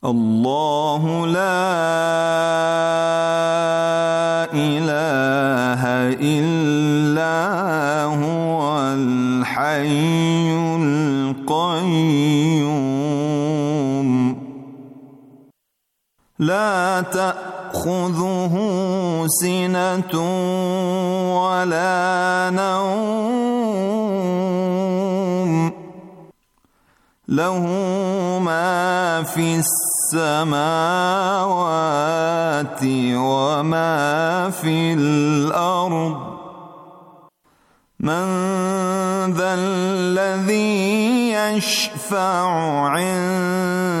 الله لا إله إلا هو الحي القيوم لا تأخذه سنة ولا نوم له في السماوات وما في الأرض من ذا الذي يشفع عنده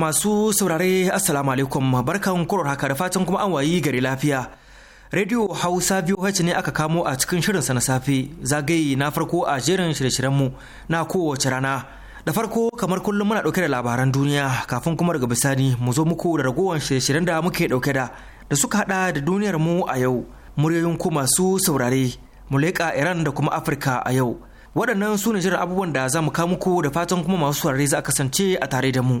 masu saurare assalamu alaikum barkan kurar haka da fatan kuma an wayi gari lafiya Radio Hausa biyu VOH ne aka kamo a cikin shirin sa na safe zagaye na farko a jerin shirye shiryen mu na kowace rana. Da farko kamar kullum muna dauke da labaran duniya kafin kuma daga bisani mu zo muku da ragowar shirye-shiryen da muke dauke da da suka hada da duniyar mu a yau muryoyin ku masu saurare mu leƙa Iran da kuma Afirka a yau. Waɗannan su ne jiran abubuwan da za mu muku da fatan kuma masu saurare za a kasance a tare da mu.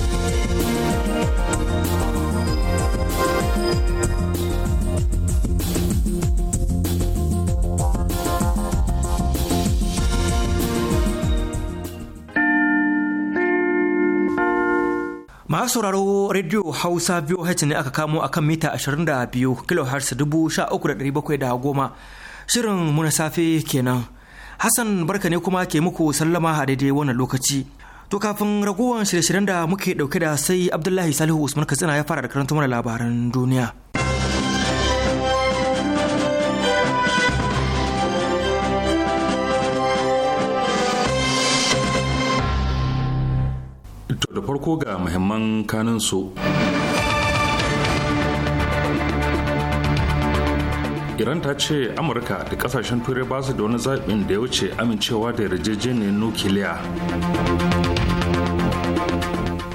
masu sauraro rediyo hausa VOH ne aka kamo kan mita 22 da goma shirin mu na safe kenan hassan barka ne kuma ke muku sallama a daidai wannan lokaci to kafin ragowar shirye-shiryen da muke dauke da sai abdullahi salihu usman katsina ya fara da karanta mana labaran duniya To da farko ga muhimman kanin su. Iran ta ce Amurka da kasashen turai ba su da wani zaɓin da ya wuce amincewa da yarjejeniyar nukiliya.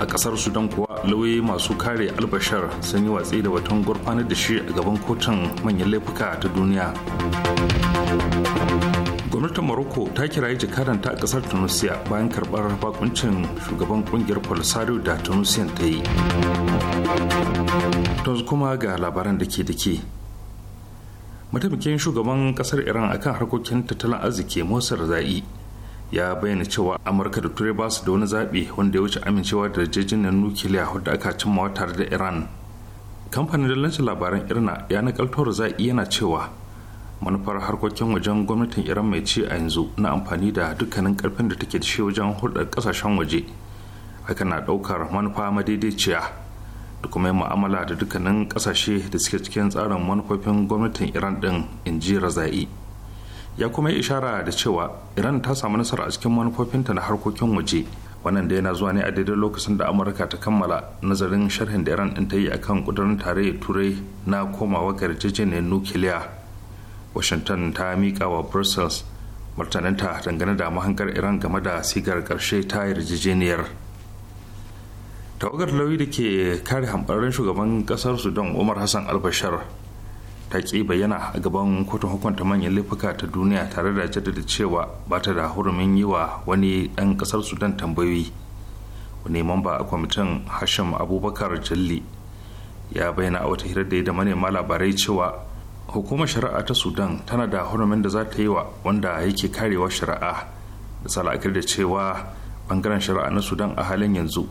A ƙasar Sudan kuwa lauyoyi masu kare albashar sun yi watsi da watan gurfanar da shi a gaban kotun manyan laifuka ta duniya. gwamnatin morocco ta kirayi jakadanta a kasar tunisia bayan karbar bakuncin shugaban kungiyar polisario da tunisia ta yi tunzu kuma ga labaran da ke da ke mataimakin shugaban kasar iran akan harkokin tattalin arziki mosar za'i ya bayyana cewa amurka da turai ba su da wani zaɓe wanda ya wuce amincewa da na nukiliya wadda aka cimma tare da iran kamfanin dalancin labaran irna ya nakaltar za'i yana cewa manufar harkokin wajen gwamnatin iran mai ci a yanzu na amfani da dukkanin karfin da take da shi wajen hulɗar kasashen waje haka na ɗaukar manufa madaidaiciya da kuma ma'amala da dukkanin kasashe da suke cikin tsarin manufofin gwamnatin iran ɗin in ji razai ya kuma yi ishara da cewa iran ta samu nasara a cikin manufofinta na harkokin waje wannan da yana zuwa ne a daidai lokacin da amurka ta kammala nazarin sharhin da iran ɗin ta yi akan ƙudurin tarayyar turai na komawa ga nukiliya washington ta mika wa brussels martaninta dangane da mahangar iran game da sigar karshe ta yarjejeniyar tawagar lauyi da ke kare hambarin shugaban kasar sudan umar hassan albashar ta ki bayyana a gaban kotun hukunta manyan laifuka ta duniya tare da jaddada cewa ba ta da hurumin yi wa wani ɗan kasar sudan tambayoyi wani mamba a kwamitin hashim abubakar jalli ya bayyana a wata hirar da ya da manema labarai cewa hukumar shari'a ta sudan tana da hurumin da za ta yi wa wanda yake karewa shari'a da salakir da cewa bangaren shari'a na sudan a halin yanzu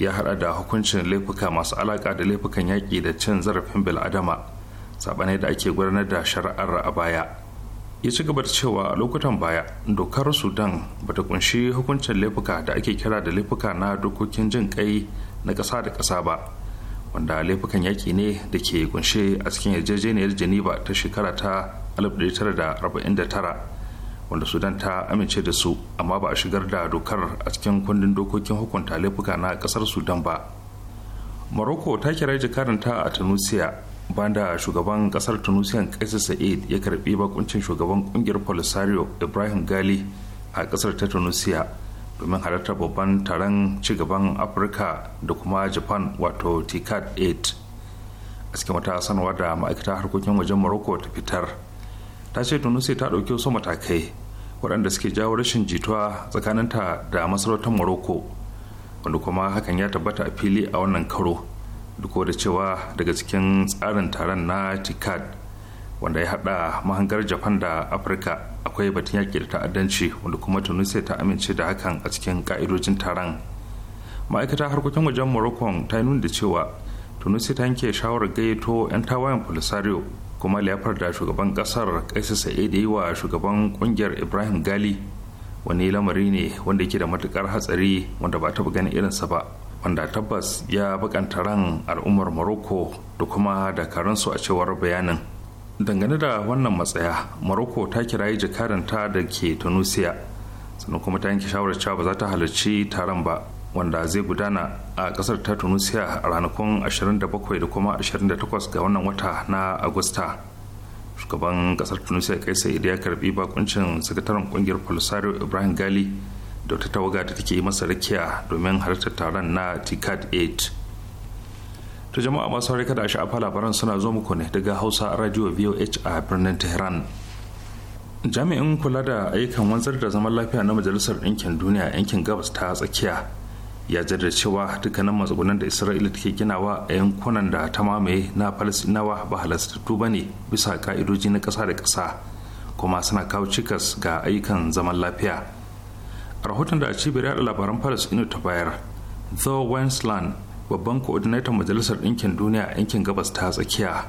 ya hada da hukuncin laifuka masu alaka da laifukan yaƙi da cin zarafin bil'adama saɓanai da ake gudanar da shari'ar a baya ya ci gaba da cewa a lokutan baya dokar sudan ba ta kunshi hukuncin laifuka da ake kira da laifuka na dokokin jin kai na ƙasa da ƙasa ba wanda laifukan yaƙi ne da ke kunshe a cikin yarjejeniyar geneva ta shekara ta 1949 wanda sudan ta amince da su amma ba a shigar da dokar a cikin kundin dokokin hukunta laifuka na ƙasar sudan ba morocco ta kira jikarinta a tunisia banda shugaban ƙasar tunisia kaisu sa'id ya karbi bakuncin shugaban ƙungiyar polisario ibrahim gali a ƙasar ta tunisia domin halartar babban taron cigaban afirka da kuma japan wato tikat 8 a cikin wata sanarwa da ma'aikata harkokin wajen morocco ta fitar ta ce tunisia ta ɗauki wasu matakai waɗanda suke jawo rashin jituwa tsakaninta da masarautar morocco wanda kuma hakan ya tabbata a fili a wannan karo duk da cewa daga cikin tsarin taron na tikat wanda ya hada mahangar japan da afirka akwai batun yaƙi da ta'addanci wanda kuma tunisia ta amince da hakan a cikin ka'idojin taron ma'aikata harkokin wajen morocco ta nuna da cewa tunisia ta yanke shawarar gayyato 'yan tawayen polisario kuma liyafar da shugaban kasar kaisa sa'e da yi wa shugaban kungiyar ibrahim gali wani lamari ne wanda yake da matukar hatsari wanda ba taɓa ganin irinsa ba wanda tabbas ya bakanta ran al'ummar morocco da kuma dakaransu a cewar bayanin dangane da wannan matsaya morocco ta kirayi jakaranta da ke tunisia sannan kuma ta yanke shawarar cewa ba za ta halarci taron ba wanda zai gudana a kasar ta tunisia a ranakun 27 da kuma 28 ga wannan wata na agusta shugaban kasar tunisia kaisa idi ya karbi bakuncin sakataren kungiyar polisario ibrahim gali da ta tawaga da take masa rakiya domin halartar taron na tikat 8 To jama'a masu harika da sha'afa labaran suna zo muku ne daga Hausa Radio VOH a birnin Tehran. Jami'in kula da ayyukan wanzar da zaman lafiya na Majalisar Ɗinkin Duniya yankin Gabas ta tsakiya ya jaddada cewa dukkanin matsugunan da Isra'ila take ginawa a yankunan da ta mamaye na Falasɗinawa ba halastattu ba ne bisa ka'idoji na ƙasa da ƙasa kuma suna kawo cikas ga ayyukan zaman lafiya. A rahoton da a cibiyar yaɗa labaran Falasɗinu ta bayar, the Wensland babban coordinator majalisar ɗinkin duniya a yankin gabas ta tsakiya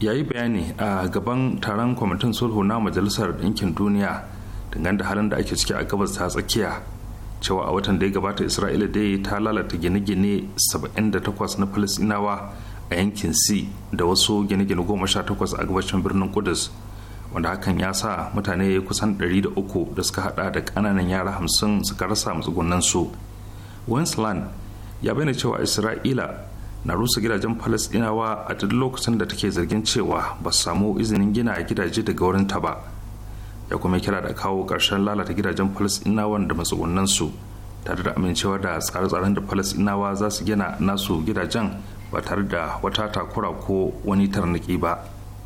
ya yi bayani a gaban taron kwamitin sulhu na majalisar ɗinkin duniya dangane da halin da ake ciki a gabas ta tsakiya cewa a watan da ya gabata isra'ila dai ta lalata gine-gine 78 na falasinawa a yankin C da wasu gine-gine 18 a gabashin birnin kudus wanda hakan ya sa mutane ya kusan 300 da suka hada da kananan yara 50 suka rasa matsugunansu. Winsland. Wensland ya bayyana cewa isra'ila na rusa gidajen falasɗinawa a duk lokacin da take zargin cewa ba su samu izinin gina a gidaje daga wurin ta ba ya kuma kira da kawo ƙarshen lalata gidajen falasɗinawan da matsugunan su tare da amincewa da tsare-tsaren da falasɗinawa za su gina nasu gidajen ba tare da wata takura ko wani tarniki ba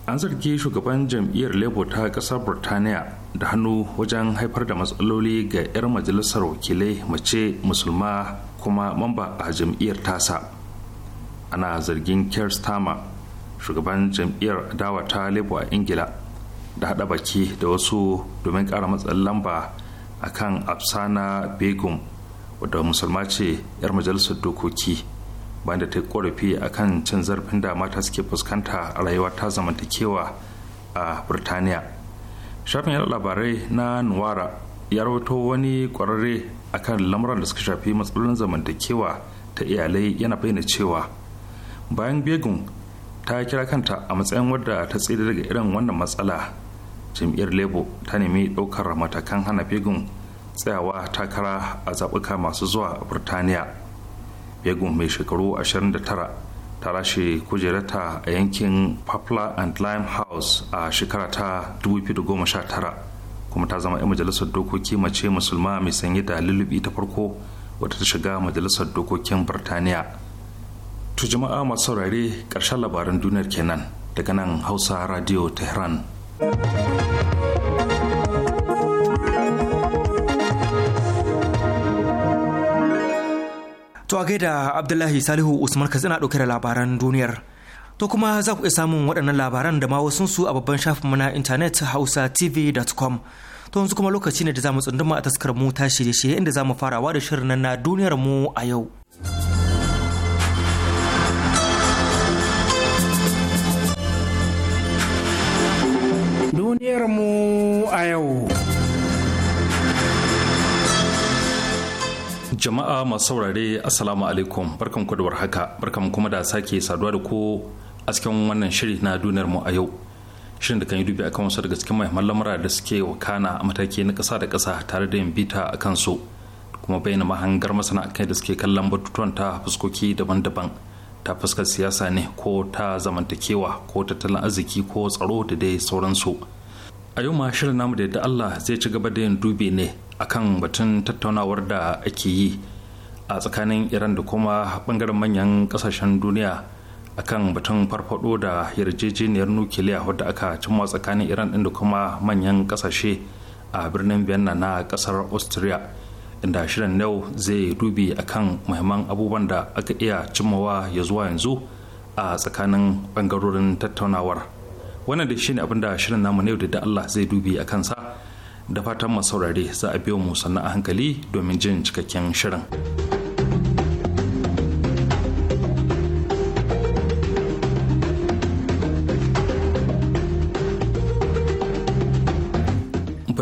an zargi shugaban jam'iyyar labour ta ƙasar burtaniya da hannu wajen haifar da matsaloli ga 'yar majalisar wakilai mace musulma kuma mamba a jam'iyyar tasa ana zargin keir starmer shugaban jam'iyyar adawa ta labour a ingila da haɗa baki da wasu domin kara matsan lamba a kan afsana begum wadda musulma ce 'yar majalisar dokoki bayan da ta korafi a kan cin zarafin da mata suke fuskanta a rayuwa ta zamantakewa a birtaniya shafin 'yar labarai na nuwara ya rawato wani ƙwararre. akan lamuran da suka shafi matsalolin zamantakewa ta iyalai yana bayyana cewa bayan begun ta kira kanta a matsayin wadda ta tsira daga irin wannan matsala jam'iyyar labour ta nemi ɗaukar matakan hana begun tsayawa takara a zaɓuka masu zuwa a burtaniya begun mai shekaru 29 ta rashe kujerata a yankin poplar and lime house a shekara ta 2019 kuma ta zama 'yan majalisar dokoki mace musulma mai sanye da lulubi ta farko wadda ta shiga majalisar dokokin birtaniya tu jama'a masu saurare ƙarshen labaran duniyar kenan daga nan hausa radio tehran to a gaida abdullahi salihu usman na ɗauke da labaran duniyar To kuma za ku iya samun waɗannan labaran da ma wasu su a babban shafinmu na intanet hausatv.com. To yanzu kuma lokaci ne da za mu tsunduma a taskar mu ta shirye-shirye inda za mu farawa da shirin na duniyar mu a yau. Duniyar mu a yau. Jama'a masu saurare Assalamu alaikum barkan da warhaka barkan kuma da sake saduwa da ku a cikin wannan shiri na duniyar mu a yau shirin da kan yi dubi akan wasu daga cikin mahimman lamura da suke wakana a mataki na kasa da kasa tare da yin bita a su kuma bayyana mahangar masana kai da suke kallon batutuwan ta fuskoki daban-daban ta fuskar siyasa ne ko ta zamantakewa ko tattalin arziki ko tsaro da dai sauransu a yau ma shirin namu da yadda Allah zai ci gaba da yin dubi ne akan batun tattaunawar da ake yi a tsakanin Iran da kuma bangaren manyan kasashen duniya akan batun farfado da yarjejeniyar nukiliya wadda aka cimma tsakanin iran din da kuma manyan kasashe a birnin vienna na kasar austria inda shirin yau zai dubi akan muhimman abubuwan da aka iya cimmawa ya zuwa yanzu a tsakanin bangarorin tattaunawar wannan da shine abin da shirin namu ne da allah zai dubi a kansa da fatan masaurare za a biyo mu sannan a hankali domin jin cikakken shirin.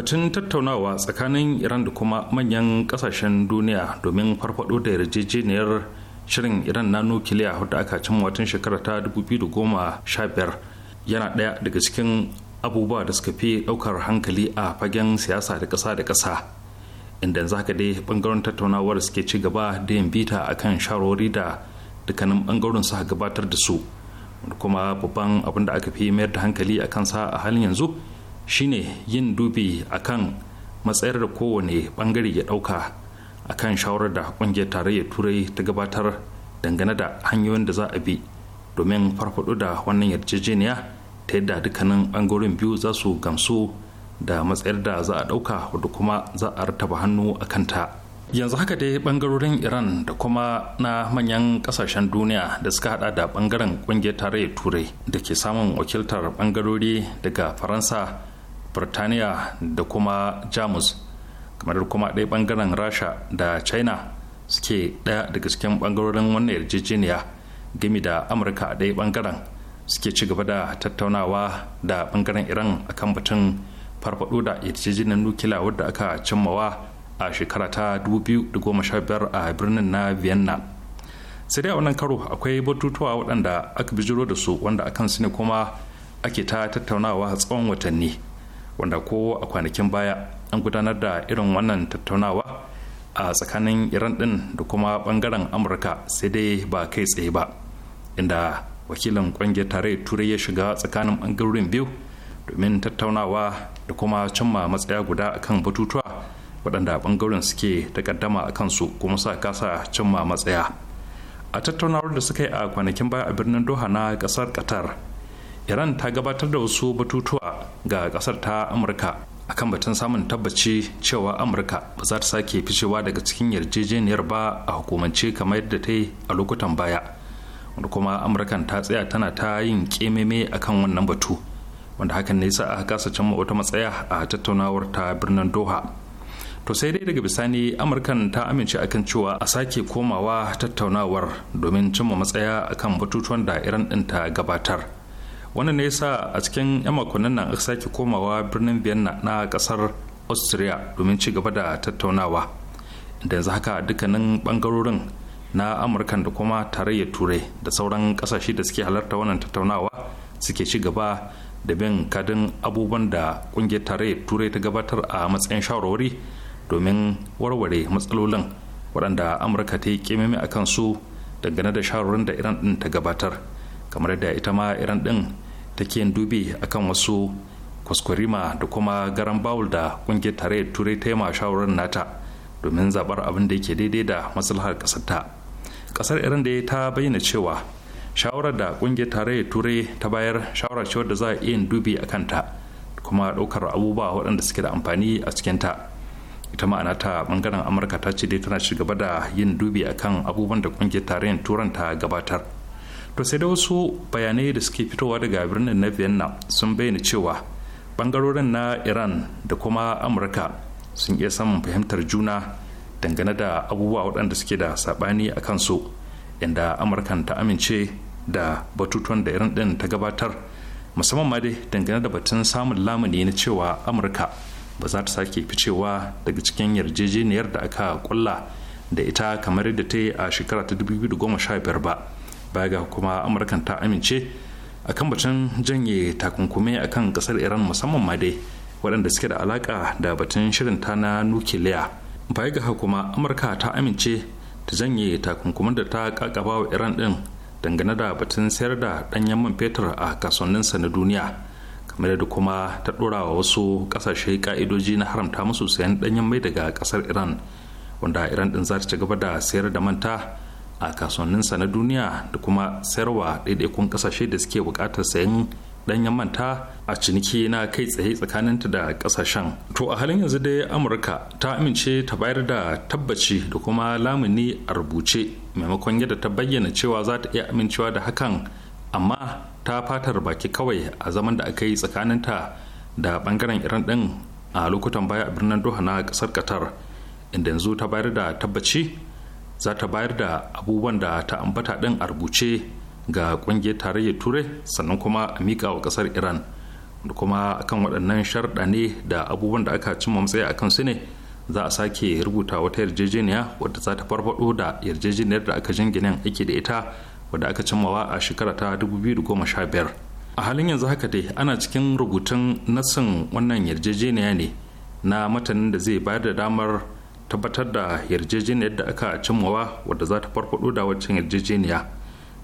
batun tattaunawa tsakanin iran da kuma manyan kasashen duniya domin farfado da yarjejeniyar shirin iran na nukiliya wadda aka cin watan shekara ta 2015 yana ɗaya daga cikin abubuwa da suka fi ɗaukar hankali a fagen siyasa da kasa da kasa inda za haka dai ɓangaren tattaunawar suke ci gaba da yin bita akan sharori da dukkanin bangaren su gabatar da su kuma babban abin da aka fi mayar da hankali a kansa a halin yanzu shine yin dubi akan matsayar da kowane bangare ya dauka akan shawarar da kungiyar tarayyar turai ta gabatar dangane da hanyoyin da za a bi domin farfado da wannan yarjejeniya ta yadda dukkanin bangarorin biyu za su gamsu da matsayar da za a dauka wadda kuma za a rataba hannu a kanta yanzu haka dai bangarorin iran da kuma na manyan kasashen duniya da suka hada da bangaren kungiyar tarayyar turai da ke samun wakiltar bangarori daga faransa birtaniya da kuma jamus kamar kuma ɗaya ɓangaren rasha da china suke ɗaya daga cikin ɓangarorin wannan yarjejeniya gami da amurka a ɗaya ɓangaren suke ci gaba da tattaunawa da ɓangaren iran akan batun farfaɗo da yarjejeniyar nukila wadda aka cimmawa a shekara ta 2015 a birnin na vienna sai dai a wannan karo akwai batutuwa waɗanda aka bijiro da su wanda akan su ne kuma ake ta tattaunawa tsawon watanni wanda ko a kwanakin baya an gudanar da irin wannan tattaunawa a tsakanin iran din da kuma bangaren amurka sai dai ba kai tsaye ba inda wakilin kwangiyar tare turai ya shiga tsakanin bangarorin biyu domin tattaunawa da kuma cimma matsaya guda akan batutuwa waɗanda bangaren suke takaddama a kansu kuma sa kasa cimma matsaya a tattaunawar da suka yi a kwanakin baya a birnin doha na ƙasar qatar iran ta gabatar da wasu batutuwa ga kasar ta amurka akan batun samun tabbaci cewa amurka ba za ta sake ficewa daga cikin yarjejeniyar ba a hukumance kamar yadda ta yi a lokutan baya wanda kuma amurkan ta tsaya tana ta yin kememe kan wannan batu wanda hakan ne sa aka kasa cimma wata matsaya a tattaunawar ta birnin doha to sai dai daga bisani amurkan ta amince akan cewa a sake komawa tattaunawar domin cimma matsaya akan batutuwan da iran ɗin ta gabatar wannan ne yasa a cikin 'yan makonnin nan aka sake komawa birnin vienna na kasar austria domin ci gaba da tattaunawa da yanzu haka dukkanin bangarorin na amurka da kuma tarayyar turai da sauran kasashe da suke halarta wannan tattaunawa suke ci gaba da bin kadin abubuwan da kungiyar tarayyar turai ta gabatar a matsayin shawarwari domin warware matsalolin waɗanda amurka ta yi kimimi a kansu dangane da shawarwarin da iran ɗin ta gabatar kamar da ita ma iran ɗin take yin dubi akan wasu kwaskwarima da kuma garan bawul da ƙungiyar tare turai ta yi shawarar nata domin zabar abin da yake daidai da maslahar kasarta ta ƙasar iran da ta bayyana cewa shawarar da ƙungiyar tarayyar turai ta bayar shawara ce da za a yi dubi a kanta kuma ɗaukar abubuwa waɗanda suke da amfani a cikin ta ita ma ma'ana ta bangaren amurka ta ce dai tana ci da yin dubi akan abubuwan da kungiyar tarayyar turan ta gabatar to sai da wasu bayanai da suke fitowa daga birnin na vienna sun bayyana cewa bangarorin na iran da kuma amurka sun iya samun fahimtar juna dangane da abubuwa waɗanda suke da saɓani a kansu inda amurkan ta amince da batutuwan da iran ɗin ta gabatar musamman ma dai dangane da batun samun lamuni na cewa amurka ba za ta sake ficewa daga cikin yarjejeniyar da aka kulla da ita kamar yadda ta yi a shekara ta 2015 ba baya ga kuma amurkan ta amince a kan batun janye takunkumai a kan kasar iran musamman ma dai waɗanda suke da alaƙa da batun shirin ta na nukiliya baya ga kuma amurka ta amince ta janye takunkuman da ta kakaba wa iran ɗin dangane da batun sayar da ɗanyen man fetur a kasuwanninsa na duniya kamar da kuma ta ɗora wa wasu ƙasashe ka'idoji na haramta musu sayan ɗanyen mai daga ƙasar iran wanda iran ɗin za ta ci gaba da sayar da manta a kasuwanninsa na duniya da kuma sayarwa ɗaiɗaikun ƙasashe da suke buƙatar sayan ɗanyen manta a ciniki na kai tsaye tsakaninta da kasashen. To a halin yanzu dai Amurka ta amince ta bayar da tabbaci da kuma lamuni a rubuce maimakon yadda ta bayyana cewa za ta iya amincewa da hakan amma ta fatar baki kawai a zaman da aka yi tsakaninta da bangaren iran ɗin a lokutan baya a birnin doha na ƙasar qatar inda yanzu ta bayar da tabbaci za ta bayar da abubuwan da ta ambata ɗin a rubuce ga ƙungiyar tarayyar turai sannan kuma a miƙa wa ƙasar iran da kuma akan waɗannan sharɗa ne da abubuwan da aka cimma matsayi a kansu ne za a sake rubuta wata yarjejeniya wadda za ta farfaɗo da yarjejeniyar da aka jinginin ake da ita wadda aka cimmawa a shekara ta biyar. a halin yanzu haka dai ana cikin rubutun nassin wannan yarjejeniya ne na matanin da zai bayar da damar tabbatar da yarjejeniyar da aka cimmawa wadda za ta farfado da waccan yarjejeniya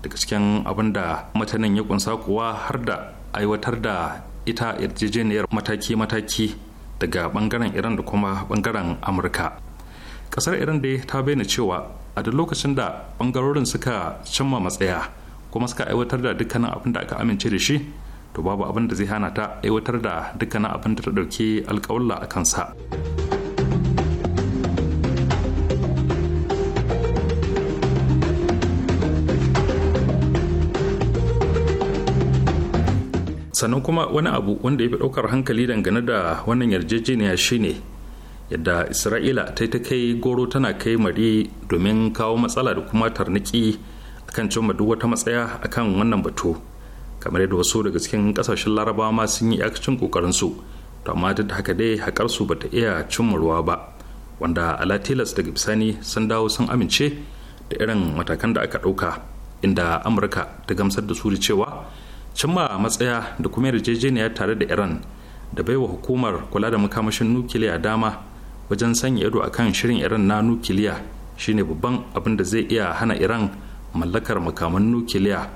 daga cikin abin da matanin ya kunsa kuwa har da aiwatar da ita yarjejeniyar mataki-mataki daga bangaren iran da kuma bangaren amurka ƙasar iran dai ta bayyana cewa a duk lokacin da bangarorin suka cimma matsaya kuma suka aiwatar da dukkanin abin da aka amince da shi to babu abin da zai hana ta aiwatar da dukkanin abin da ta dauki alkawalla a kansa. sannan kuma wani abu wanda ya fi ɗaukar hankali dangane da wannan yarjejeniya shine yadda isra'ila ta ta kai goro tana kai mari domin kawo matsala da kuma tarniki akan cimma duk wata matsaya akan wannan batu kamar yadda wasu daga cikin kasashen larabawa ma sun yi kokarin su to amma duk da haka dai haƙarsu ba ta iya cimma ruwa ba wanda ala tilas daga bisani sun dawo sun amince da irin matakan da aka ɗauka inda amurka ta gamsar da su da cewa cimma matsaya da kuma yarjejeniya tare da iran da baiwa hukumar kula da makamashin nukiliya dama wajen sanya ido kan shirin iran na nukiliya shine babban abin da zai iya hana iran mallakar makaman nukiliya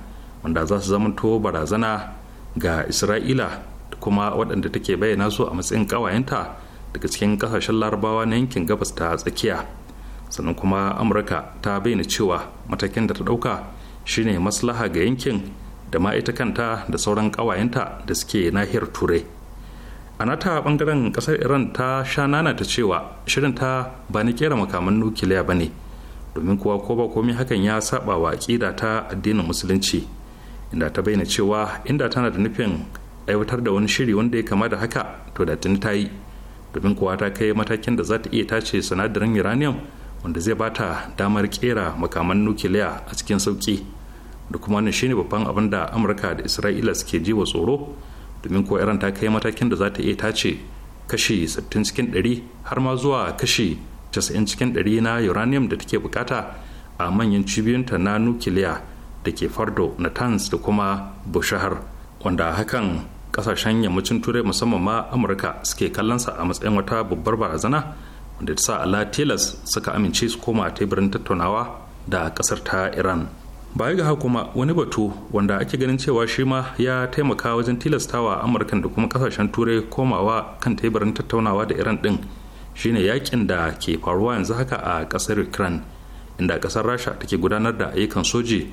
wanda za su zamanto barazana ga isra'ila da kuma waɗanda take bayyana su a matsayin ƙawayenta daga cikin ƙasashen larabawa na yankin gabas ta tsakiya sannan kuma amurka ta bayyana cewa matakin da ta ɗauka shine maslaha ga yankin da ma ita kanta da sauran ƙawayenta da suke nahiyar turai a nata bangaren ƙasar iran ta sha nana ta cewa shirin ta ba na kera makaman nukiliya ba ne domin kuwa ko ba komai hakan ya saba wa ƙida ta addinin musulunci inda ta bayyana cewa inda tana da nufin aiwatar da wani shiri wanda ya kama da haka to da tuni ta yi domin kuwa ta kai matakin da za ta iya tace sinadarin uranium wanda zai bata damar kera makaman nukiliya a cikin sauki da kuma wannan shine babban abin da amurka da isra'ila suke ji wa tsoro domin ko iran ta kai matakin da za ta iya tace kashi 60 cikin 100 har ma zuwa kashi 90 cikin 100 na uranium da take bukata a manyan cibiyunta na nukiliya da ke fardo na natanz da kuma bushahar wanda hakan kasashen yammacin turai musamman ma amurka suke kallonsa a matsayin wata babbar barazana wanda ta sa ala tilas suka amince su koma teburin tattaunawa da kasar ta iran baya ga haka kuma wani batu wanda ake ganin cewa shi ma ya taimaka wajen tilastawa amurkan da kuma kasashen turai komawa kan teburin tattaunawa da iran din shine yakin da ke faruwa yanzu haka a kasar ukraine inda kasar rasha take gudanar da ayyukan soji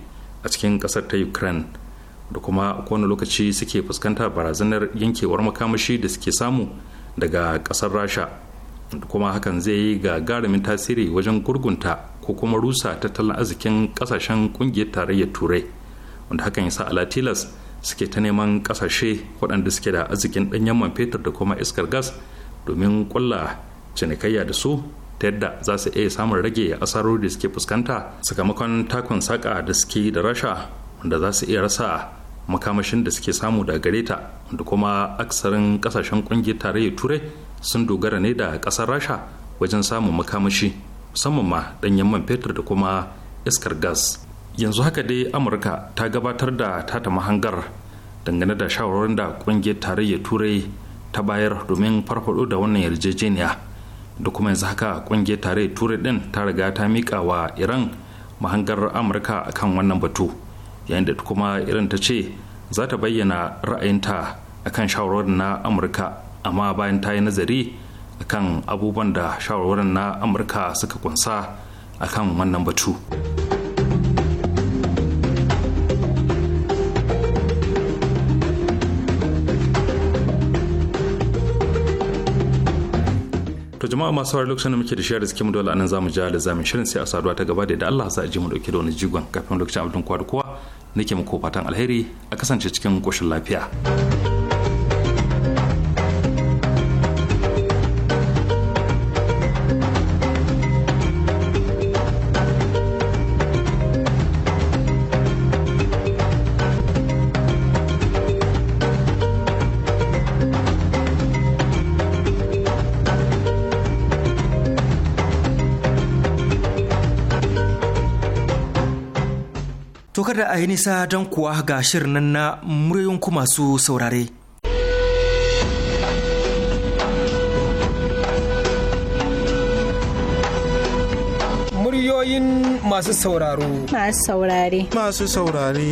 a cikin kasar ta ukraine da kuma kowane lokaci suke fuskanta barazanar yankewar makamashi da suke samu daga kasar rasha da kuma hakan zai yi ga garamin tasiri wajen gurgunta ko kuma rusa tattalin arzikin kasashen kungiyar tarayyar turai wanda hakan ya sa alatilas suke ta neman kasashe waɗanda suke da arzikin ɗanyen man fetur da kuma iskar gas domin kulla cinikayya da su ta yadda za su iya samun rage asarori da suke fuskanta sakamakon takun saƙa da suke da rasha wanda za su iya rasa makamashin da suke samu da gare ta da kuma aksarin kasashen kungiyar tarayyar turai sun dogara ne da ƙasar rasha wajen samun makamashi musamman ma ɗanyen man fetur da kuma iskar gas yanzu haka dai amurka ta gabatar da tata mahangar dangane da shawarwarin da ƙungiyar tarayyar turai ta bayar domin farfado da wannan yarjejeniya da kuma yanzu haka ƙungiyar tarayyar turai ɗin ta riga ta mika wa iran mahangar amurka akan wannan batu yayin da kuma iran ta ce za ta bayyana ra'ayinta akan shawarwarin na amurka amma bayan ta yi nazari akan abubuwan da shawarwarin na amurka suka kunsa akan wannan batu to jama'a masu saurari lokacin da muke da da suke dole nan zamu ji da zamin shirin sai a saduwa ta gaba da Allah za a ji mu dauke da wani jigon kafin lokacin abin kwa da kowa nake muku fatan alheri a kasance cikin koshin lafiya. da a yi nisa don kuwa ga shirin nan na muryoyin ku masu saurare. Muryoyin masu sauraro. Masu saurare. Masu saurare.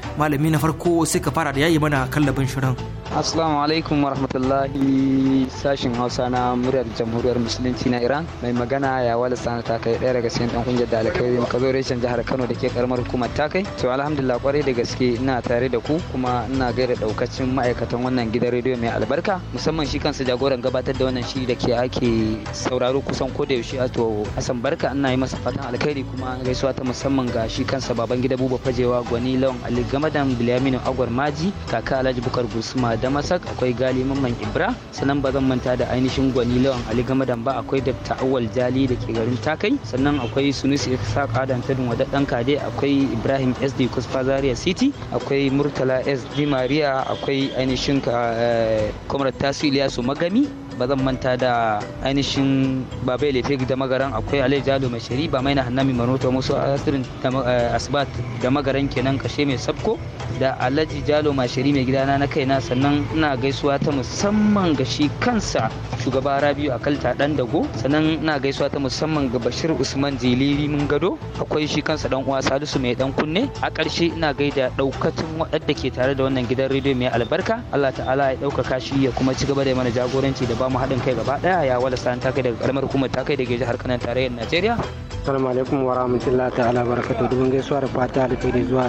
malami na farko sai ka fara da yayi mana kallabin shirin Assalamu alaikum rahmatullahi sashin Hausa na muryar Jamhuriyar Musulunci na Iran mai magana ya wala sana ta kai daya daga cikin ɗan kungiyar da alkhairi muka reshen jihar Kano da ke karamar hukumar ta kai to alhamdulillah kwarai da gaske ina tare da ku kuma ina gaida daukacin ma'aikatan wannan gidan rediyo mai albarka musamman shi kansa jagoran gabatar da wannan shiri da ke ake sauraro kusan ko da yaushe to Hassan Barka ina yi masa fatan alkhairi kuma gaisuwa ta musamman ga shi kansa baban gida Buba Fajewa Gwani Lawan Ali game Adam Bilaminu Agwar Maji, kaka Alhaji Bukar Gusuma masak akwai Gali Mamman Ibra, sannan ba zan manta da ainihin Gwani Lawan Ali Gamadan ba akwai Dr. Awal Jali da ke garin Takai, sannan akwai Sunusi Isaac Adam Tudun Dan Kade, akwai Ibrahim SD Kusfa Zaria City, akwai Murtala SD Maria, akwai ainihin eh, Comrade Tasu Ilyasu Magami, ba zan manta da ainihin babai lefe da magaran akwai alai jalo mai shari ba mai na hannami manoto musu asirin eh, asibat da magaran kenan kashe mai sabko da Alhaji Jalo Mashiri mai gidana na kaina sannan ina gaisuwa ta musamman ga shi kansa shugaba Rabiu Akalta dan dago sannan ina gaisuwa ta musamman ga Bashir Usman Jiliri mun gado akwai shi kansa dan uwa Salisu mai dan kunne a ƙarshe ina gaida daukacin waɗanda ke tare da wannan gidan rediyo mai albarka Allah ta'ala ya ɗaukaka shi ya kuma ci gaba da mana jagoranci da ba mu haɗin kai gaba ɗaya ya wala sa'an ta kai daga ƙaramar hukumar ta kai daga jihar Kano tarayyar Najeriya assalamu alaikum wa rahmatullahi ta'ala barakatuhu dubin gaisuwa da fata da kai zuwa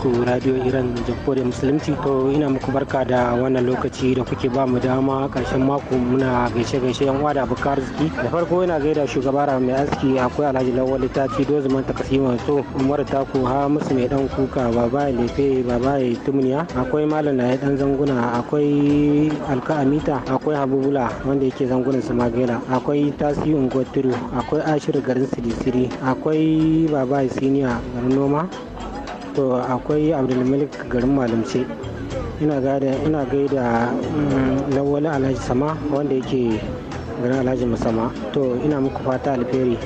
ku radio iran jamhuriyar musulunci to ina muku barka da wannan lokaci da kuke ba mu dama karshen mako muna gaishe gaishe yan uwa da abokan arziki da farko ina gaida shugaba mai aski akwai alhaji lawal litafi man takasima so umar taku ha musu mai dan kuka baba ya lefe baba ya akwai malam na dan zanguna akwai alka akwai habubula wanda yake zangunan su samagela akwai tasi ungoturu akwai ashir garin sirisiri akwai baba siniya garin noma to akwai abdulmalik garin malamce ina gaida mm, lawali alhaji sama wanda yake garin alhaji musama to ina muku fata alferi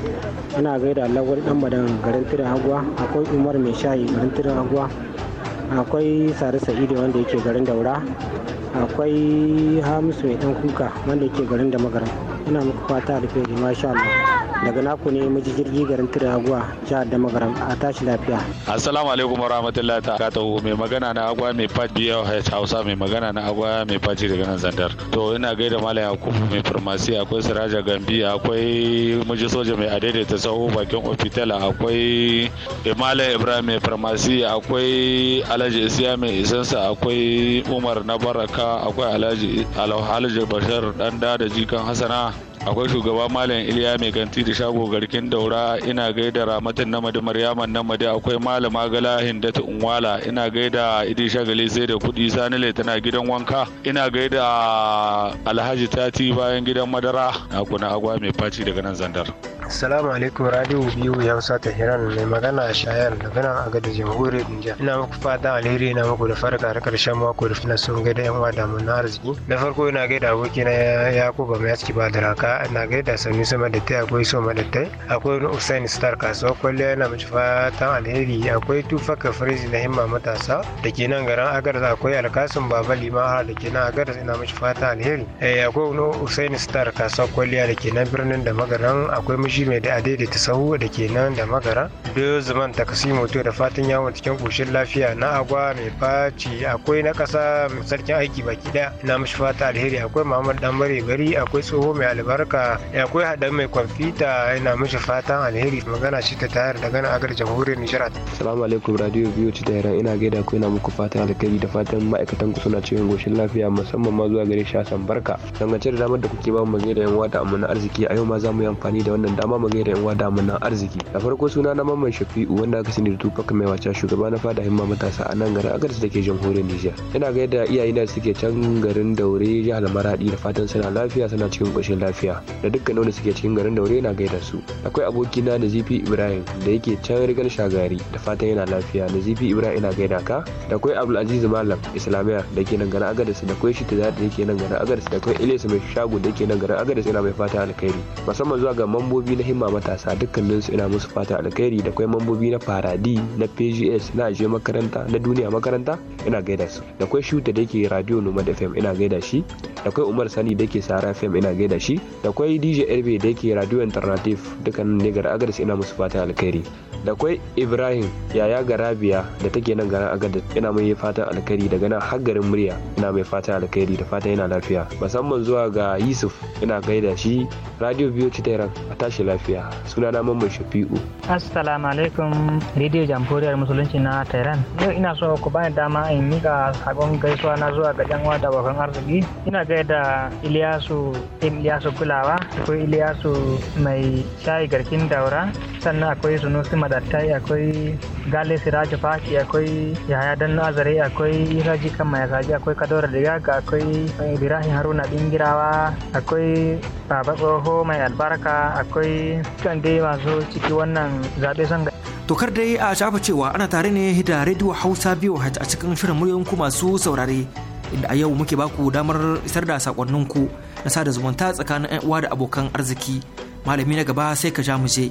ina gaida lawali dan madan garin tirin agwa akwai umar mai shayi garin tirin agwa akwai sare sa'idu wanda yake garin daura akwai hamisu mai dan kuka wanda yake garin da magaran ina muku fata alheri masha Allah daga naku ne miji jirgi garin Tiraguwa jihar Damagaram a tashi lafiya. Assalamu alaikum warahmatullahi ta'ala mai magana na agwa mai faji Hausa mai magana na agwa mai faji daga nan Zandar. To ina gaida Malam Yakubu mai farmasi akwai Siraja Gambi akwai miji soja mai ta sahu bakin ofitala akwai Imala Ibrahim mai farmasi akwai Alhaji Isiya mai isansa akwai Umar na Baraka akwai Alhaji Alhaji Bashir dan da jikan Hassana akwai shugaba malam iliya mai ganti da shago garkin daura ina gaida ramatin namadi maryaman namadi akwai malama gala hindata unwala ina gaida idi shagali sai da kudi sani tana gidan wanka ina gaida alhaji tati bayan gidan madara na kuna agwa mai faci daga nan zandar Assalamu alaikum radio biyu ya wasa ta Hiran mai magana shayar da nan a gada jamhuriyar Nijar. Ina muku fatan alheri ina muku da farka da karshen mako da fina sun gaida yan wada mun na arziki. Na farko ina gaida aboki na Yakuba mai aski ba da raka ina gaida Sami Sama da Tai akwai so ma da Tai akwai Usain Star kasuwa kwalliya ina muku fatan alheri akwai Tufaka Firizi na himma matasa da ke nan garin Agarza akwai Alkasun Baba Limaha da ke nan Agarza ina muku fatan alheri. Eh, akwai Usain Star kasuwa kwalliya da ke nan birnin da magaran akwai mishi shi mai da ta sahu da ke nan da magara dozman to da fatan yawon cikin koshin lafiya na agwa mai faci akwai na kasa sarkin aiki baki daya na mashi fata alheri akwai muhammad dan bari akwai tsoho mai albarka akwai haɗa mai kwamfuta yana mashi fatan alheri magana shi ta tayar da gana agar jamhuriyar nijar salamu alaikum radio biyu ci da ina gaida akwai na muku fatan alheri da fatan ma'aikatan ku suna cikin goshin lafiya musamman ma zuwa gare shi barka dangance da damar da kuke ba mu da yan wata amma na arziki a yau ma za mu yi amfani da wannan damar ma mu gaida yan wada mu arziki da farko suna na mamman shafi'u wanda aka sani da tupac mai wacce shugaba na fada himma matasa a nan garin agadis da ke jamhuriyar nijar ina gaida iyayen da suke can garin daure jihar maradi da fatan suna lafiya suna cikin koshin lafiya da dukkan wanda suke cikin garin daure ina gaida su akwai abokina nazifi ibrahim da yake can rigar shagari da fatan yana lafiya nazifi ibrahim ina gaida ka da akwai abdulaziz malam islamiyya da ke nan garin agadis da akwai shi da yake nan garin agadis da akwai ilyas mai shago da yake nan garin agadis yana mai fata alkhairi musamman zuwa ga mambobi na himma matasa dukkanin ina musu fatan alkhairi da kai mambobi na faradi na pgs na ajiye makaranta na duniya makaranta ina gaida su da kai shuta da ke radio nomad fm ina gaida shi da kai umar sani da ke sara fm ina gaida shi da kai dj rb da ke radio alternative dukkanin negar agadis ina musu fatan alkhairi da kwai ibrahim yaya garabiya da take nan garin agadis ina mai fatan alkhairi daga nan har garin murya ina mai fatan alkhairi da fatan yana lafiya musamman zuwa ga yusuf ina gaida shi radio biyu ci a tashi tashi lafiya na mamman shafi'u assalamu alaikum rediyo jamhuriyar musulunci na tehran yau ina so ku bani dama in miƙa sakon gaisuwa na zuwa ga yan da abokan arziki ina gaya da iliyasu iliyasu kulawa akwai iliyasu mai shayi garkin daura sannan akwai sunusi madattai akwai gale siraji fashi akwai yahaya dan nazari, akwai iraji kan mai kaji akwai kadora digaga akwai ibrahim haruna girawa akwai baba tsoho mai albarka akwai dai kan dai masu ciki wannan zaɓe san Tokar dai a shafa cewa ana tare ne da rediyo Hausa biyu a cikin shirin muryoyin ku masu saurare. Inda a yau muke baku damar isar da sakonninku na sada zumunta tsakanin 'yan uwa da abokan arziki. Malami na gaba sai ka ja mu je.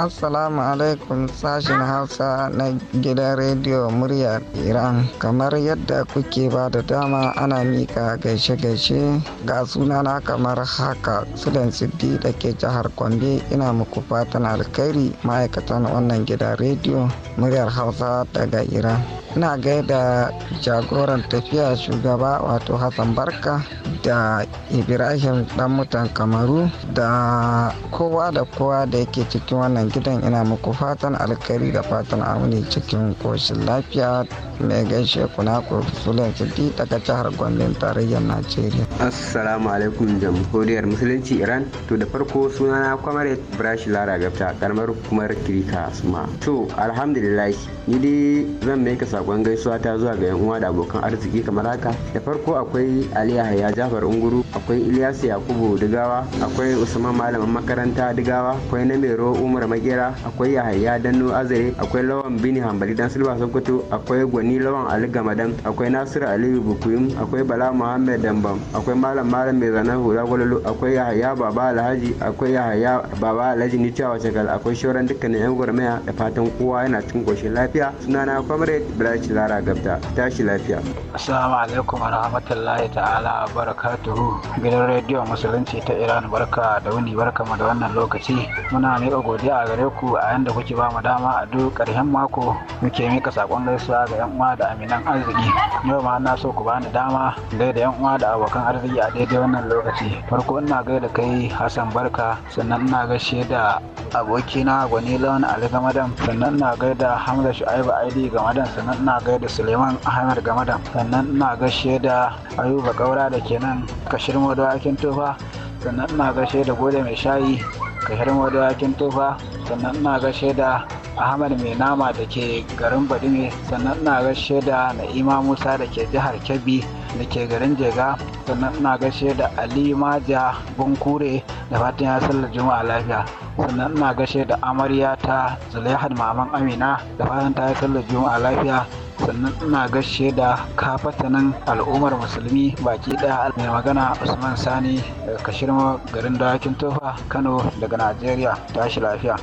Assalamu alaikum sashen Hausa na gidan rediyo muryar Iran. Kamar yadda kuke ba da dama ana mika gaishe-gaishe ga sunana kamar haka Sudan Siddi da ke jihar Kwambe ina muku fatan alkhairi ma'aikatan wannan gidan rediyo muryar Hausa daga Iran. Ina gaida jagoran tafiya shugaba wato Hassan Barka da Ibrahim dan mutan Kamaru da kowa da kowa da yake cikin wannan wannan gidan ina muku fatan alkari da fatan amini cikin koshin lafiya mai gaishe kuna ku sulen sidi daga jihar gombe tarayyar najeriya assalamu alaikum jamhuriyar musulunci iran to da farko suna na kwamare brashi lara gafta karamar hukumar kirika suma to alhamdulillah ni dai zan maika sakon gaisuwa ta zuwa ga yan uwa da abokan arziki kamar haka da farko akwai ali yahaya jafar unguru akwai ilyasu yakubu digawa akwai usman malamin makaranta digawa akwai namero umar makera akwai Yahaya Dannu Azare akwai Lawan Bini Hambali dan Silva Sokoto akwai Gwani Lawan Ali Gamadan akwai Nasiru Aliyu Bukuyum akwai Bala Muhammad Dambam akwai Malam Malam Mai Zanen Hura Gwalolo akwai Yahaya Baba Alhaji akwai Yahaya Baba Alhaji wace Shagal akwai shauran dukkanin 'yan gwarmaya da fatan kowa yana cikin koshin lafiya sunana Comrade Ibrahim Lara Gabta tashi lafiya. Assalamu alaikum wa rahmatullahi ta'ala wa barakatuhu gidan rediyon musulunci ta Iran barka da wuni barka da wannan lokaci muna ne godiya godiya a gare ku a yanda kuke ba mu dama a duk ƙarshen mako muke mika sakon gaisuwa ga yan uwa da aminan arziki yau ma na so ku bani dama da yan uwa da abokan arziki a daidai wannan lokaci farko ina da kai Hassan Barka sannan ina gaishe da abokina Gwani Lawan Ali Gamadan sannan ina da Hamza Shu'aibu Aidi Gamadan sannan ina da Suleiman Ahmed Gamadan sannan ina gaishe da Ayuba Kaura da kenan Kashirmo da Akin Tofa sannan ina gaishe da Gode Mai Shayi da shirin da waken tufa sannan ina ga da ahmad mai nama da ke garin badime sannan ina gashe da na'ima musa da ke jihar kebbi da ke garin jega sannan ina ga da ali maja bunkure da fatan ya sallar juma'a lafiya sannan ina ga da amarya ta zulaihar maman amina da fatan ta yi sallar juma'a lafiya sannan ina gaishe da kafatanin al'ummar musulmi baki ɗaya mai magana usman sani daga kashirma garin dawakin tofa kano daga najeriya tashi lafiya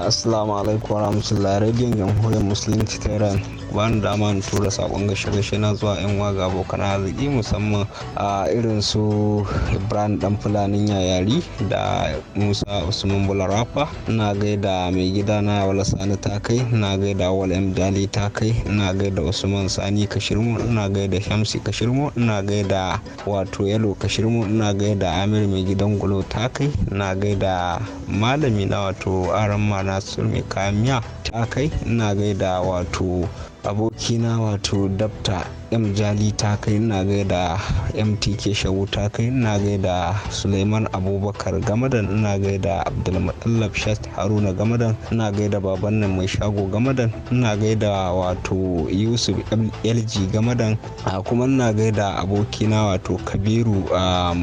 assalamu alaikum warahmatullahi radiyon jamhuriyar musulunci ta iran bani dama na tura sakon gashe-gashe na zuwa yan waga abokan arziki musamman a irin su ibrahim dan fulanin yayari da musa usman bularafa na gaida mai gida na wala sani ta kai na gaida wala mdali ta kai na gaida usman sani kashirmu na gaida shamsi kashirmu na gaida wato yalo kashirmu na gaida amir mai gidan gulo ta kai na gaida malami na wato aran nasiru mai kayan miya ta kai ina gaida wato abokina wato dabta m jali ta kai ina gaida mtk shagu ta kai ina gaida suleiman abubakar gamadan ina gaida abdulmutallab shat haruna gamadan ina gaida baban nan mai shago gamadan ina gaida wato yusuf lg gamadan kuma ina gaida abokina wato kabiru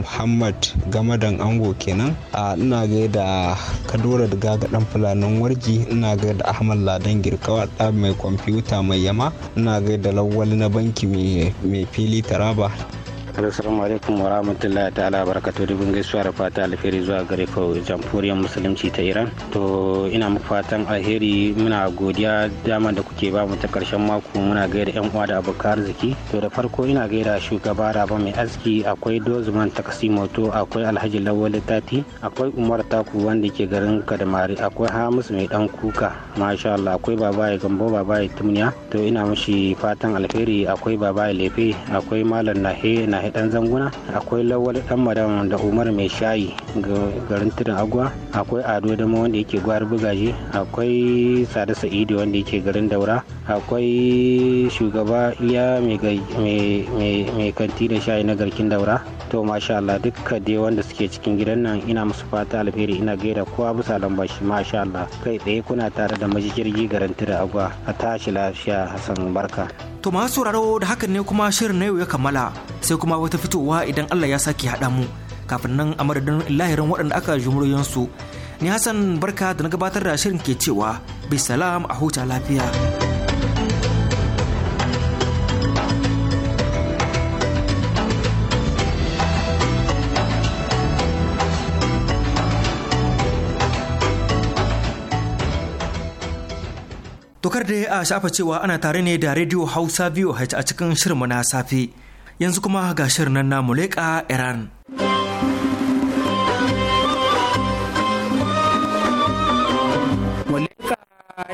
muhammad gamadan ango kenan ina gaida kadora da gagadan fulanin warji ina gaida ahmad ladan girkawa mai kwamfuta mai yama ina gaida lawal na banki mai fili taraba Assalamu alaikum wa rahmatullahi baraka barakatu dubin gaisuwa da fata alheri zuwa gare ka jamhuriyar musulunci ta Iran. To ina muku fatan alheri muna godiya dama da kuke ba mu ta karshen mako muna gaida yan uwa da abokan arziki. To da farko ina gaida shugaba Raba mai aski akwai dozuman Dozman moto akwai Alhaji Lawal Tati akwai Umar Taku wanda ke garin Kadamari akwai Hamisu mai dan kuka masha Allah akwai Babaye Gambo Babaye Tumniya to ina mashi fatan alheri akwai Babaye Lefe akwai Malam Nahe Nahe ɗan dan zanguna akwai lawal dan madam da umar mai shayi garin tudun agwa akwai ado dama wanda yake gwar bugaje akwai sadu sa'idu wanda yake garin daura akwai shugaba iya mai kanti da shayi na garkin daura to masha Allah dukka dai wanda suke cikin gidan nan ina musu fata alheri ina gaida kowa bisa lambashi masha Allah kai tsaye kuna tare da majigirgi garin da agwa a tashi lafiya Hassan barka to masu sauraro da hakan ne kuma shirin na yau ya kammala sai kuma kuma wata fitowa idan Allah ya sake haɗa mu kafin nan a madadin lahirin waɗanda aka jumuriyansu ni Hassan barka da na gabatar da shirin ke cewa bisalam a huta lafiya. Tokar da ya a shafa cewa ana tare ne da Radio Hausa VOH a cikin shirin na safe. yanzu kuma ga shirin nan na muleka iran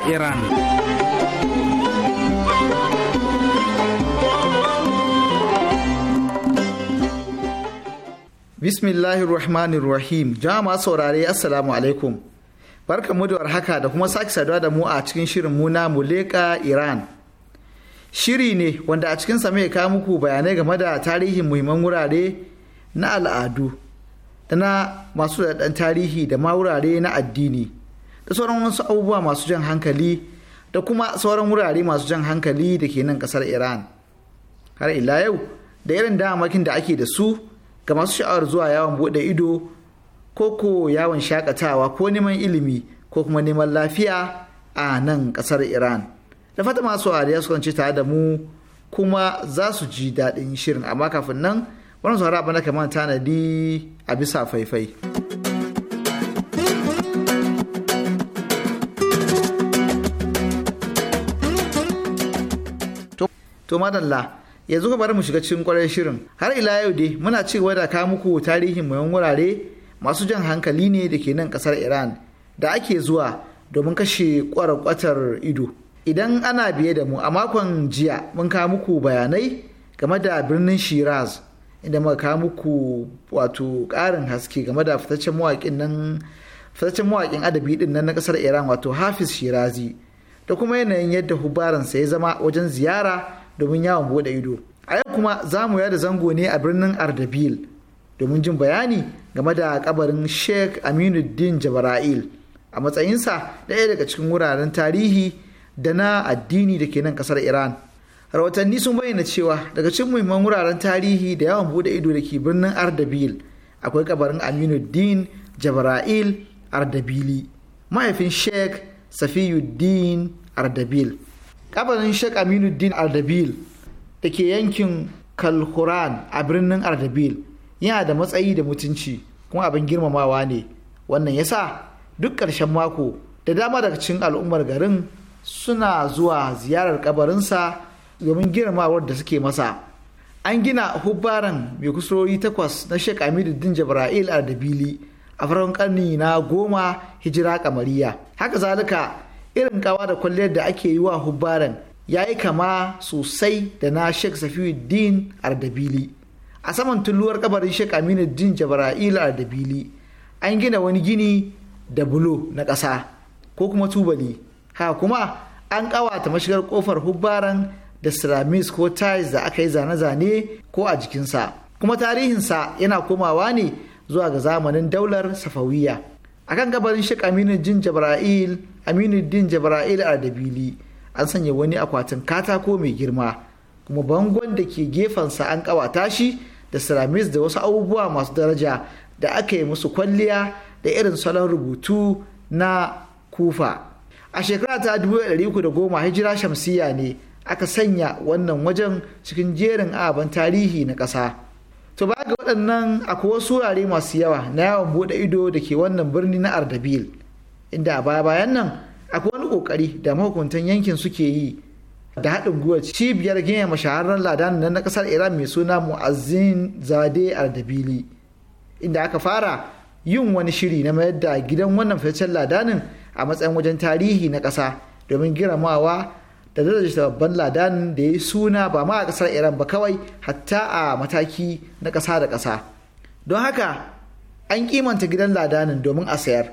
iran bismillahir rahmanir rahim jama'a saurare assalamu alaikum barkamu da warhaka da kuma sake saduwa da mu a cikin shirin muna muleka iran shiri ne wanda a cikinsa mai kawo muku bayanai game da tarihin muhimman wurare na al'adu da na masu daɗaɗɗen tarihi da ma wurare na addini da sauran wasu abubuwa masu jan hankali da kuma sauran wurare masu jan hankali da ke nan ƙasar iran har ila yau da irin damakin da ake da su ga masu sha'awar zuwa yawon buɗe ido ko ko yawon shakatawa ko neman ilimi ko kuma neman lafiya a nan ƙasar iran da fata masu ariya su kwanci tare da mu kuma za su ji daɗin shirin amma kafin nan wani saurara bana kamar tanadi a bisa faifai. To madalla yanzu ka bari mu shiga cikin kwarar shirin har ila yau dai muna ci gaba da kawo muku tarihin mayan wurare masu jan hankali ne da ke nan kasar Iran da ake zuwa domin kashe kwarar kwatar ido. idan ana biye da mu a makon jiya mun kawo muku bayanai game da birnin shiraz inda muka kawo muku wato karin haske game da fitaccen mawaƙin adabi din nan na ƙasar iran wato hafiz shirazi da kuma yanayin yadda hubaransa ya zama wajen ziyara domin yawon bude ido a yau kuma za mu yada zango ne a birnin ardabil domin jin bayani game da kabarin sheikh aminuddin jabra'il a matsayinsa daya daga cikin wuraren tarihi da na addini da ke nan kasar iran rahotanni sun bayyana cewa daga cikin muhimman wuraren tarihi da yawan bude ido da ke birnin ardabil akwai kabarin aminuddin jabra'il ardabili mahaifin sheikh safiyuddin ardabil kabarin sheikh aminuddin ardabil da ke yankin kalhuran a birnin ardabil yana da matsayi da mutunci kuma abin girmamawa ne wannan yasa duk ƙarshen mako da dama daga cikin al'ummar garin suna zuwa ziyarar kabarinsa domin girmamawar da suke masa an gina hubbaran mai kusurori takwas na sheikh amiruddin jibra'il ardabili a farkon karni na goma hijira kamariya haka zalika irin kawa da kwalliyar da ake yi wa hubbaran ya yi kama sosai da na sheikh safiuddin ardabili a saman tulluwar kabarin shek amiruddin jabra'il ardabili an gina wani gini da bulo na ƙasa ko kuma tubali ha kuma an ƙawata mashigar kofar hubbaran da siramis ko tiles da aka yi zane-zane ko a jikinsa kuma tarihinsa yana komawa ne zuwa ga zamanin daular safawiya a kan gabarin shek din jabra'il aminuddin jabra'il a dabili an sanya wani akwatin katako mai girma kuma bangon da ke gefensa an ƙawata shi da siramis da wasu abubuwa masu daraja da aka yi musu kwalliya da irin salon rubutu na kufa a shekara ta 1310 hijira shamsiya ne aka sanya wannan wajen cikin jerin ababen tarihi na ƙasa to ba ga waɗannan akwai wasu wurare masu yawa na yawon buɗe ido da ke wannan birni na ardabil inda a baya bayan nan akwai wani ƙoƙari da mahukuntan yankin suke yi da haɗin gwiwar cibiyar ginyar mashaharar ladanin na ƙasar iran mai suna mu'azzin zade ardabili inda aka fara yin wani shiri na mayar da gidan wannan fitaccen ladanin a matsayin wajen tarihi na ƙasa domin giramawa da daraja babban ladan da ya yi suna ba ma a ƙasar iran ba kawai hatta a mataki na ƙasa da ƙasa don haka an kimanta gidan ladanin domin a sayar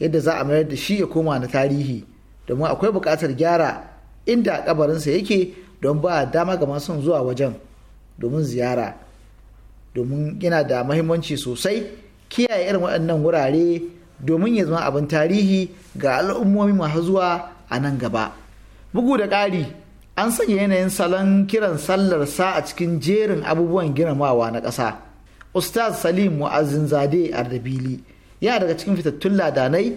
yadda za a mayar da shi ya koma na tarihi domin akwai buƙatar gyara inda kabarinsa yake don ba dama ga masu zuwa wajen domin ziyara domin yana da mahimmanci sosai kiyaye irin waɗannan wurare domin ya zama abin tarihi ga al'ummomi masu zuwa a nan gaba bugu da ƙari an sanya yanayin salon kiran sallar sa a cikin jerin abubuwan girmamawa na ƙasa ustaz salim mu'azzin zade ardabili yana daga cikin fitattun ladanai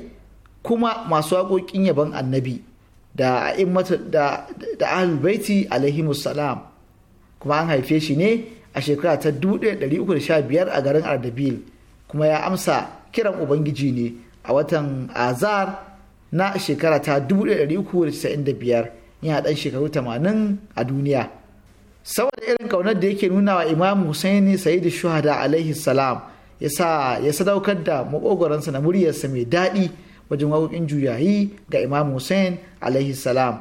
kuma masu waƙoƙin Yaban annabi da da da ahlul baiti kuma an haife shi ne a shekara ta 1315 a garin ardabil kuma ya amsa kiran ubangiji ne a watan azar na shekara ta 1395 yana dan shekaru 80 a duniya saboda irin kaunar da yake nuna wa imam husaini Saidu shuhada alaihi salam ya sadaukar da makogoransa na muryarsa mai daɗi wajen waƙoƙin juyayi ga imam hussein alaihi salam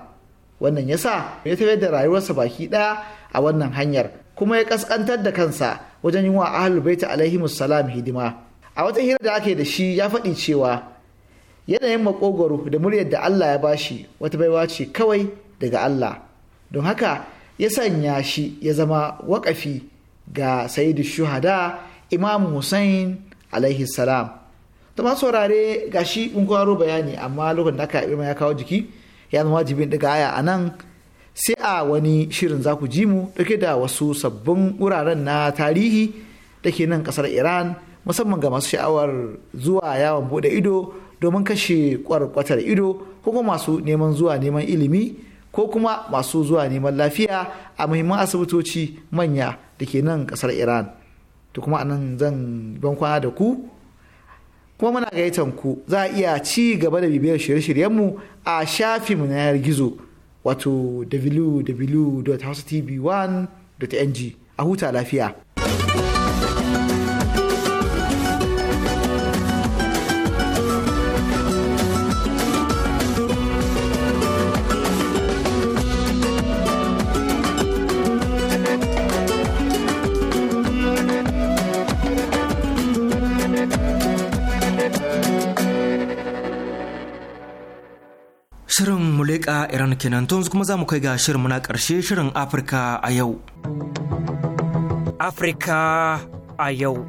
wannan ya sa ya tafiyar da rayuwarsa baki ɗaya a wannan hanyar kuma ya ƙasƙantar da kansa wajen yi wa ahlul baita alaihi salam hidima a wata hira da ake da shi ya faɗi cewa yanayin makogwaro da muryar da Allah ya bashi wata baiwa ce kawai daga Allah don haka ya sanya shi ya zama wakafi ga sayidu shuhada imam Hussein alaihi salam da ma saurare ga shi kwaro bayani amma lokacin da aka ya kawo jiki ya zama wajibin daga aya a nan sai a wani shirin za ku ji mu ɗauke da wasu sabbin wuraren na tarihi da ke nan kasar iran musamman ga masu sha'awar zuwa yawon bude ido domin kashe kwarkwatar ido ko kuma masu neman zuwa neman ilimi ko kuma masu zuwa neman lafiya a muhimman asibitoci manya da ke nan kasar iran to kuma anan zan ban kwana da ku kuma muna gayyatar ku za a iya ci gaba da bibiyar shirye-shiryenmu a shafi mu na yanar gizo wato www.housetv1.ng a huta lafiya Afirka Iran kenan to kuma za mu kai ga shirin na ƙarshe shirin Afirka a yau. Afirka a yau.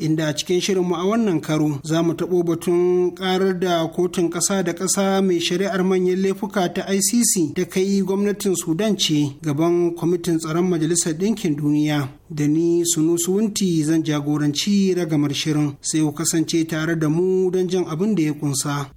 inda a cikin mu a wannan karo za mu taɓo batun ƙarar da kotun ƙasa da ƙasa mai shari'ar manyan laifuka ta icc ta kai gwamnatin sudan ce gaban kwamitin tsaron majalisar ɗinkin duniya da ni sunu suwunti zan jagoranci ragamar shirin sai ku kasance tare da mu don jin abin da ya kunsa.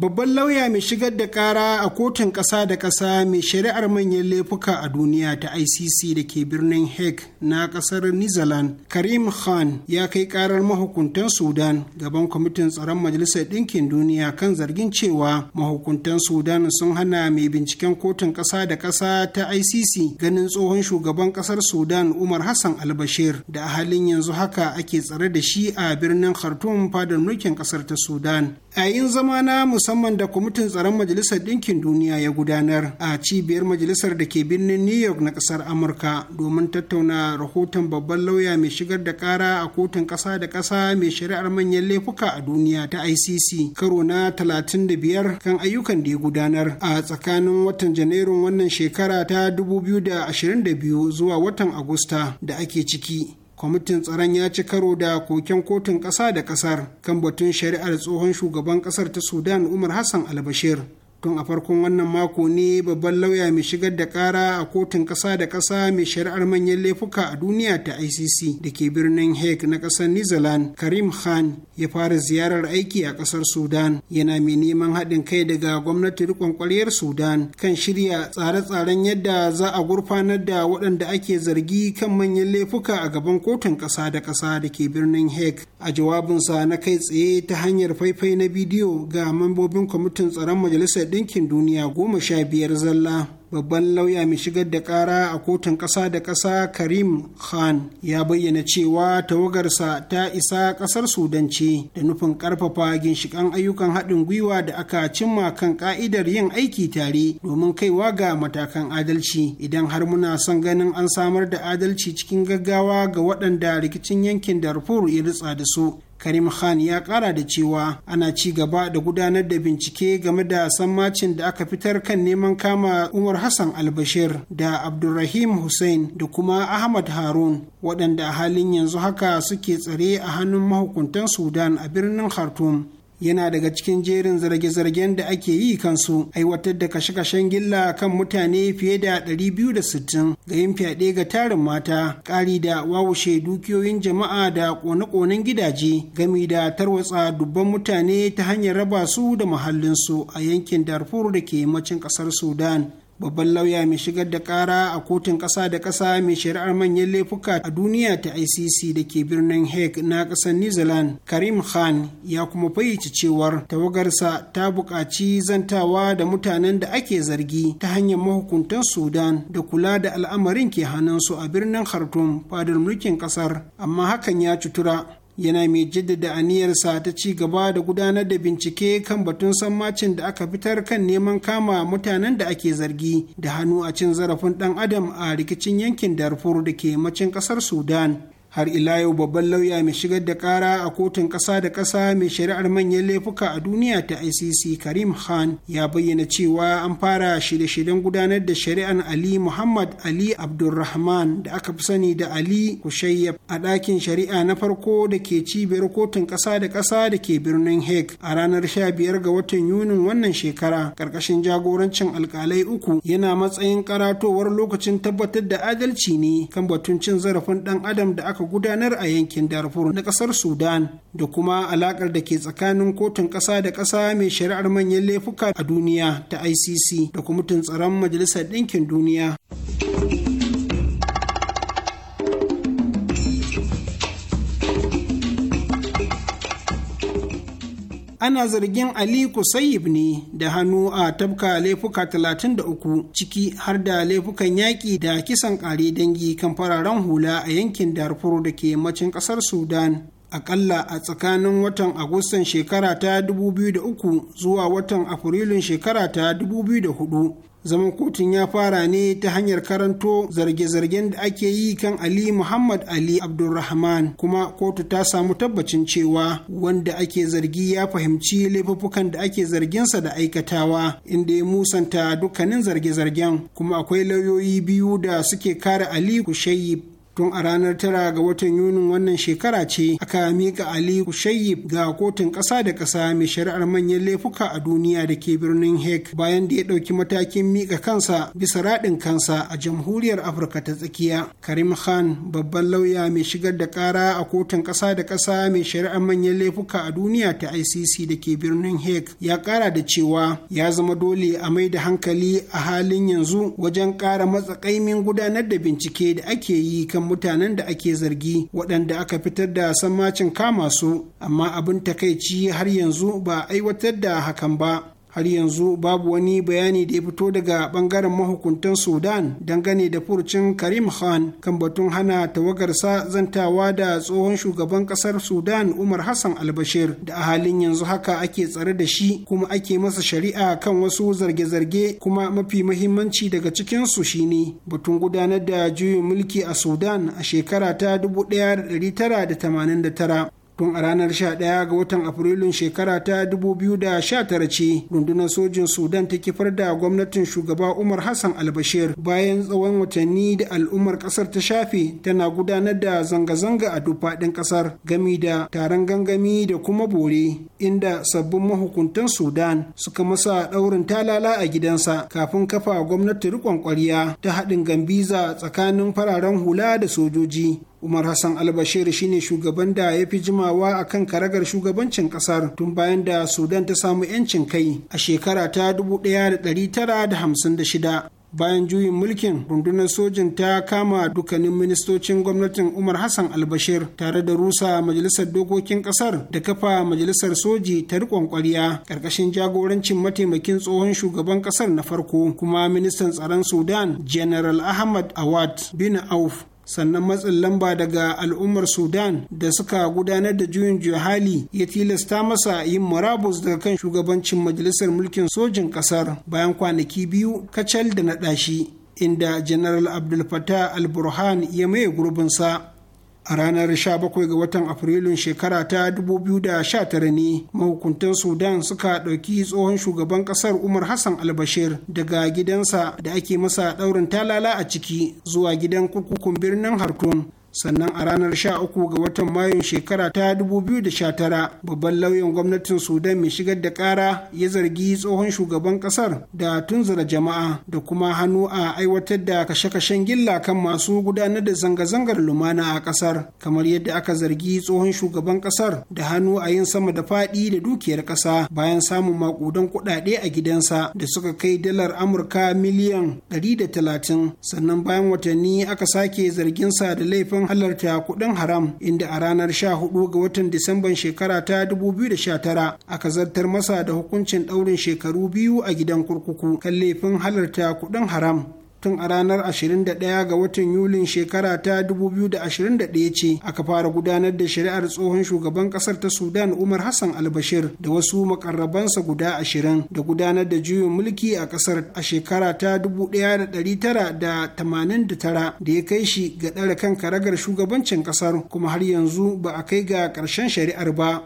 babban lauya mai shigar da kara a kotun ƙasa da ƙasa mai shari'ar manyan laifuka a duniya ta icc da ke birnin hague na ƙasar Zealand, karim khan ya kai karar mahukuntan sudan gaban kwamitin tsaron majalisar ɗinkin duniya kan zargin cewa mahukuntan sudan sun hana mai binciken kotun ƙasa da ƙasa ta icc ganin tsohon shugaban ƙasar sudan umar hassan albashir da a halin yanzu haka ake tsare da shi a birnin khartoum fadar mulkin ƙasar ta sudan yayin zama na musamman da kwamitin tsaron majalisar ɗinkin duniya ya gudanar a cibiyar majalisar da ke birnin new york na ƙasar amurka domin tattauna rahoton babban lauya mai shigar da ƙara a kotun ƙasa da ƙasa mai shari'ar manyan laifuka a duniya ta icc karo na 35 kan ayyukan da ya gudanar a tsakanin watan janairun wannan shekara ta 2022 zuwa watan agusta da ake ciki kwamitin tsaron ya ci karo da koken kotun ƙasa da ƙasar kan batun shari'ar tsohon shugaban ƙasar ta sudan umar hassan albashir tun a farkon wannan mako ne babban lauya mai shigar da kara a kotun ƙasa da ƙasa mai shari'ar manyan laifuka a duniya ta icc da ke birnin hague na ƙasar new zealand karim khan ya fara ziyarar aiki a ƙasar sudan yana mai neman haɗin kai daga gwamnati riƙon ƙwaryar sudan kan shirya tsare-tsaren yadda za a gurfanar da waɗanda ake zargi kan manyan laifuka a gaban kotun ƙasa da ƙasa da ke birnin hague a jawabinsa na kai tsaye ta hanyar faifai na bidiyo ga mambobin kwamitin tsaron majalisar ɗinkin duniya goma sha biyar zalla babban lauya mai shigar da ƙara a kotun ƙasa da ƙasa karim khan ya bayyana cewa tawagarsa ta isa ƙasar sudan ce da nufin ƙarfafa ginshiƙan ayyukan haɗin gwiwa da aka cimma kan ƙa'idar yin aiki tare domin kaiwa ga matakan adalci idan har muna son ganin an samar da adalci cikin gaggawa ga waɗanda rikicin yankin darfur ya ritsa da su karim khan ya kara da cewa ana ci gaba da gudanar da bincike game da sammacin da aka fitar kan neman kama umar hassan albashir da abdulrahim hussein da kuma ahmad harun waɗanda a halin yanzu haka suke tsare a hannun mahukuntan sudan a birnin khartoum yana daga cikin jerin zarge-zargen da ake yi kansu aiwatar da kashe-kashen gilla kan mutane fiye da 260 ga yin fyaɗe ga tarin mata ƙari da wawushe dukiyoyin jama'a da ƙone-ƙonen gidaje gami da tarwatsa dubban mutane ta hanyar raba su da muhallinsu a yankin darfur da ke yammacin ƙasar sudan babban lauya mai shigar da kara a kotun ƙasa da ƙasa mai shari'ar manyan laifuka a duniya ta icc da ke birnin hague na ƙasar new zealand karim khan ya kuma fayyace cewar tawagarsa ta buƙaci zantawa da mutanen da ake zargi ta hanyar mahukuntan sudan da kula da al'amarin ke hannunsu a birnin khartoum fadar mulkin ƙasar amma hakan ya cutura yana mai jaddada aniyarsa ta ci gaba da gudanar da bincike kan batun sammacin da aka fitar kan neman kama mutanen da ake zargi da hannu a cin zarafin dan adam a rikicin yankin darfur da ke macin kasar sudan har ila yau babban lauya mai shigar da kara a kotun ƙasa da ƙasa mai shari'ar manyan laifuka a duniya ta icc karim khan ya bayyana cewa an fara shirye-shiryen gudanar da shari'ar ali muhammad ali abdulrahman da aka fi sani da ali kushayyab a ɗakin shari'a na farko da ke cibiyar kotun ƙasa da ƙasa da ke birnin hague a ranar sha biyar ga watan yunin wannan shekara ƙarƙashin jagorancin alƙalai uku yana matsayin karatowar lokacin tabbatar da adalci ne kan batun cin zarafin ɗan adam da aka aka gudanar a yankin darfur na kasar sudan da kuma alakar da ke tsakanin kotun kasa da kasa mai shari'ar manyan laifuka a duniya ta icc da kuma tsaron majalisar ɗinkin duniya ana zargin Ali Kusayib ne da hannu a tabka laifuka 33 ciki har da laifukan yaƙi da kisan ƙare dangi kan fararen hula a yankin Darfur da ke yammacin ƙasar Sudan. akalla a tsakanin watan agustan shekara ta 2003 zuwa watan afrilun shekara ta 2004 zaman kotun ya fara ne ta hanyar karanto zarge-zargen da ake yi kan ali muhammad ali abdulrahman kuma kotu ta samu tabbacin cewa wanda ake zargi ya fahimci laifuffukan da ake zarginsa da aikatawa inda ya musanta dukkanin zarge-zargen kuma akwai lauyoyi biyu da suke kare ali kushayi tun a ranar tara ga watan yunin wannan shekara ce aka mika ali kushayyib ga kotun ƙasa da ƙasa mai shari'ar manyan laifuka a duniya da ke birnin hek bayan da ya ɗauki matakin mika kansa bisa raɗin kansa a jamhuriyar afirka ta tsakiya karim khan babban lauya mai shigar da ƙara a kotun ƙasa da ƙasa mai shari'ar manyan laifuka a duniya ta icc da ke birnin hek ya ƙara da cewa ya zama dole a mai da hankali a halin yanzu wajen ƙara matsakaimin gudanar da bincike da ake yi kan mutanen da ake zargi waɗanda aka fitar da sammacin kama su amma abin takaici har yanzu ba aiwatar da hakan ba har yanzu babu wani bayani da ya fito daga bangaren mahukuntan sudan dangane da furucin karim khan kan batun hana tawagarsa zantawa da tsohon shugaban kasar sudan umar hassan albashir da a halin yanzu haka ake tsare da shi kuma ake masa shari'a kan wasu zarge-zarge kuma mafi mahimmanci daga cikinsu shine batun gudanar da juyin mulki a sudan a shekara ta 1989 tun a ranar 11 ga watan afrilun shekara ta 2019 ce rundunar sojin sudan ta kifar da gwamnatin shugaba umar hassan albashir bayan tsawon watanni da al'ummar kasar ta shafe tana gudanar da zanga-zanga a duk faɗin kasar gami da taron gangami da kuma bore inda sabbin mahukuntan sudan suka masa ɗaurin talala a gidansa kafin kafa gwamnati riƙon ƙwarya ta haɗin gambiza tsakanin fararen hula da sojoji Umar Hassan Albashir shine shugaban da ya fi jimawa a kan karagar shugabancin kasar tun bayan da Sudan ta samu 'yancin kai a shekara ta 1956. Bayan juyin mulkin rundunar sojin ta kama dukkanin ministocin gwamnatin Umar Hassan Albashir tare da rusa majalisar dokokin kasar da kafa majalisar soji ta rikon ƙwarya ƙarƙashin jagorancin mataimakin tsohon shugaban kasar na farko kuma ministan tsaron Sudan General Ahmad Awad bin Auf sannan matsin lamba daga al'ummar sudan da suka gudanar da juyin hali ya tilasta masa yin marabus daga kan shugabancin majalisar mulkin sojin kasar bayan kwanaki biyu kacal da na ɗashi inda general abdul fatah al ya maye gurbinsa a ranar 17 ga watan afrilun shekara ta 2019 ne mahukuntan sudan suka ɗauki tsohon shugaban ƙasar umar hassan albashir daga gidansa da ake masa ɗaurin talala a ciki zuwa gidan kurkukun birnin hartun sannan a ranar 13 ga watan mayun shekara ta 2019 babban lauyan gwamnatin sudan mai shigar da kara ya zargi tsohon shugaban kasar da tunzura jama'a da kuma hannu a aiwatar da kashe-kashen gilla kan masu gudanar da zanga-zangar lumana a kasar kamar yadda aka zargi tsohon shugaban kasar da hannu a yin sama da faɗi da dukiyar ƙasa bayan samun makudan kuɗaɗe a gidansa da suka kai dalar amurka miliyan 130 sannan bayan watanni aka sake zarginsa da laifin sakamakon halarta kuɗin haram inda a ranar 14 ga watan Disamban shekara ta 2019 aka zartar masa da hukuncin ɗaurin shekaru biyu a gidan kurkuku kan laifin halarta kuɗin haram. tun a ranar 21 ga watan yulin shekara ta 2021 ce aka fara gudanar da shari'ar tsohon shugaban kasar ta sudan umar hassan albashir da wasu makarrabansa guda ashirin da gudanar da juyin mulki a kasar a shekara ta 1989 da ya kai shi ga ɗara kan karagar shugabancin kasar kuma har yanzu ba a kai ga ƙarshen shari'ar ba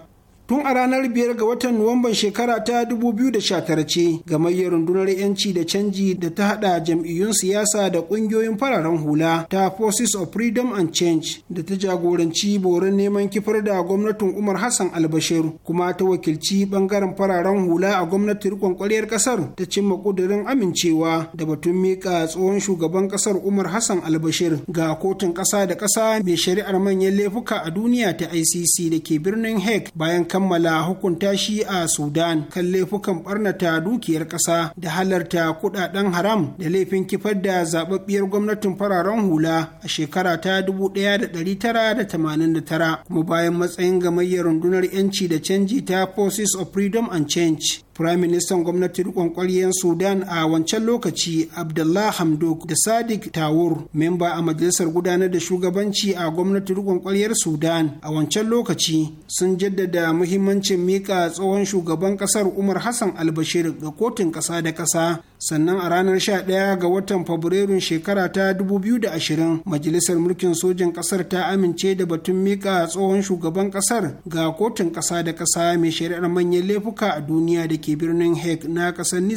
tun a ranar biyar ga watan nuwamban shekara ta 2019 ce gamayyar rundunar yanci da canji da ta hada jam'iyyun siyasa da ƙungiyoyin fararen hula ta forces of freedom and change da ta jagoranci borin neman kifar da gwamnatin umar hassan albashir kuma ta wakilci bangaren fararen hula a gwamnatin rikon kwaliyar kasar ta cimma ƙudurin amincewa da batun mika tsohon shugaban kasar umar hassan albashir ga kotun ƙasa da ƙasa mai shari'ar manyan laifuka a duniya ta icc da ke birnin hague bayan kammala hukunta shi a Sudan kan laifukan barnata dukiyar kasa da halarta kudaden haram da laifin kifar da zababbiyar gwamnatin fararen hula a shekara ta 1989 kuma bayan matsayin gamayyar rundunar 'yanci da canji ta Forces of Freedom and Change Firaministan Gwamnati rikon Kwaliyar Sudan a wancan lokaci Abdullah Hamdok da Sadiq Tawur, memba a majalisar gudanar da shugabanci a gwamnatin rikon Kwaliyar Sudan a wancan lokaci sun jaddada muhimmancin mika tsohon shugaban ƙasar Umar Hassan Albashir ga kotun ƙasa da ƙasa. Sannan a ranar 11 ga watan Fabrairun shekara ta 2020 majalisar mulkin sojin ƙasar ta amince da batun mika tsohon shugaban ƙasar ga kotun ƙasa da ƙasa mai shari'ar manyan laifuka a duniya da ke birnin hague na ƙasar New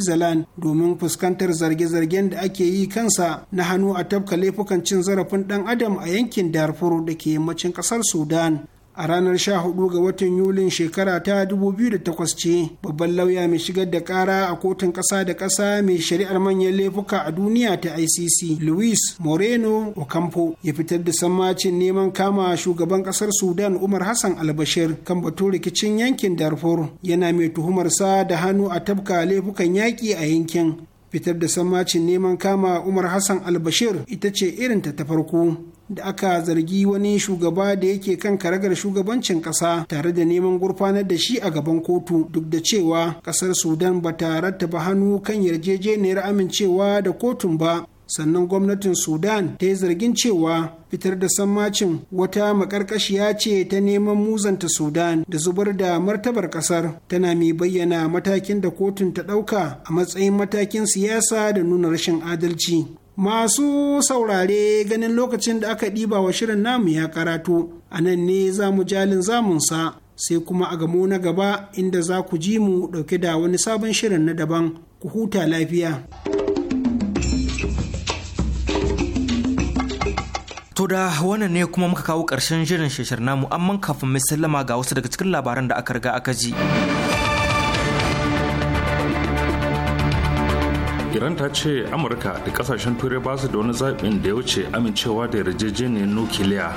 domin fuskantar zarge-zargen da ake yi kansa na hannu a tafka laifukan cin zarafin ɗan adam a yankin Darfur da ke yammacin ƙasar Sudan. a ranar 14 ga watan yulin shekara ta 2008 ce babban lauya mai shigar da kara a kotun ƙasa da ƙasa mai shari'ar manyan laifuka a duniya ta icc luis moreno ocampo ya fitar da sammacin neman kama shugaban ƙasar sudan umar hassan albashir kan batu rikicin yankin darfur yana mai tuhumar sa da hannu a tabka laifukan yaƙi a yankin fitar da sammacin neman kama umar hassan albashir ita ce irinta ta farko da aka zargi wani shugaba da yake kan karagar shugabancin kasa tare da neman gurfanar da shi a gaban kotu duk da cewa ƙasar sudan ba ta rattaba hannu kan yarjejeniyar amincewa da kotun ba sannan gwamnatin sudan ta yi zargin cewa fitar da sammacin wata makarkashiya ce ta neman muzanta sudan da zubar da martabar kasar tana mai bayyana matakin da kotun ta ɗauka a matsayin matakin siyasa da nuna rashin adalci Masu saurare ganin lokacin da aka ɗiba wa shirin namu ya karatu, a nan ne za mu jalin zamunsa sai kuma a gamo na gaba inda za ku ji mu ɗauke da wani sabon shirin na daban ku huta lafiya. To da wannan ne kuma muka kawo ƙarshen shirin shishir namu amma kafin mai sallama ga wasu daga cikin labaran da aka riga aka ji. iran ta ce amurka da kasashen turai ba su da wani zaɓin da ya wuce amincewa da yarjejeniyar nukiliya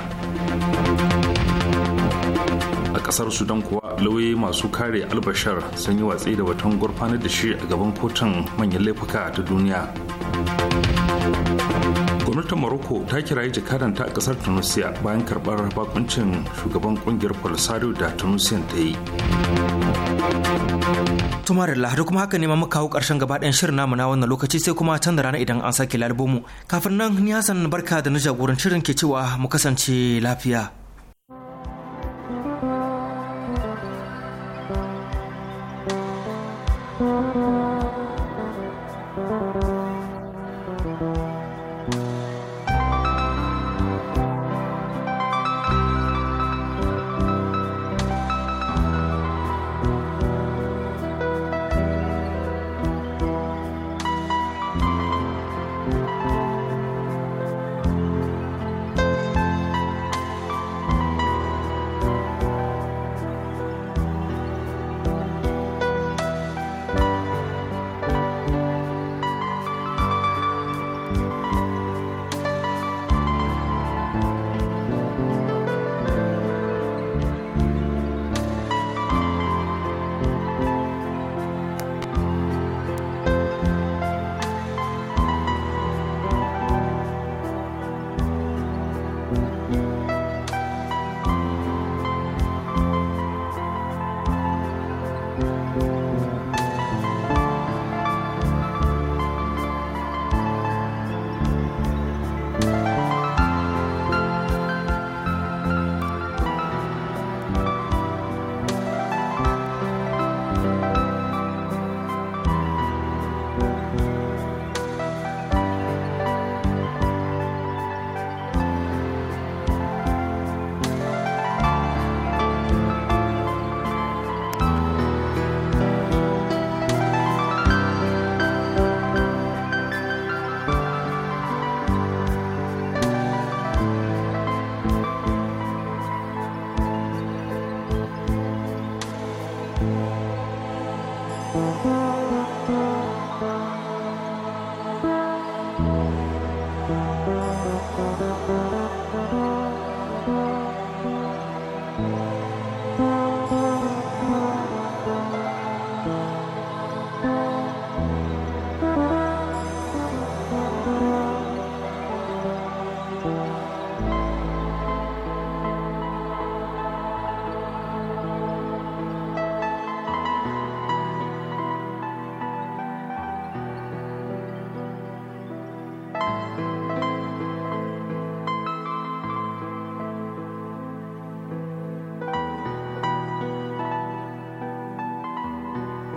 a ƙasar sudan kuwa lauyi masu kare albashar sun yi watsi da watan gurfanar da shi a gaban kotun manyan laifuka ta duniya gwamnatin morocco ta kirayi jakadanta a ƙasar tunisia bayan karɓar bakuncin shugaban ƙungiyar polisario da tunisian ta yi tumar da kuma haka ne ma kawo karshen gaba ɗayan shirin namu na wannan lokaci sai kuma can da rana idan an sake lalbomu kafin nan ni hassan barka da na jagorancin shirin ke cewa mu kasance lafiya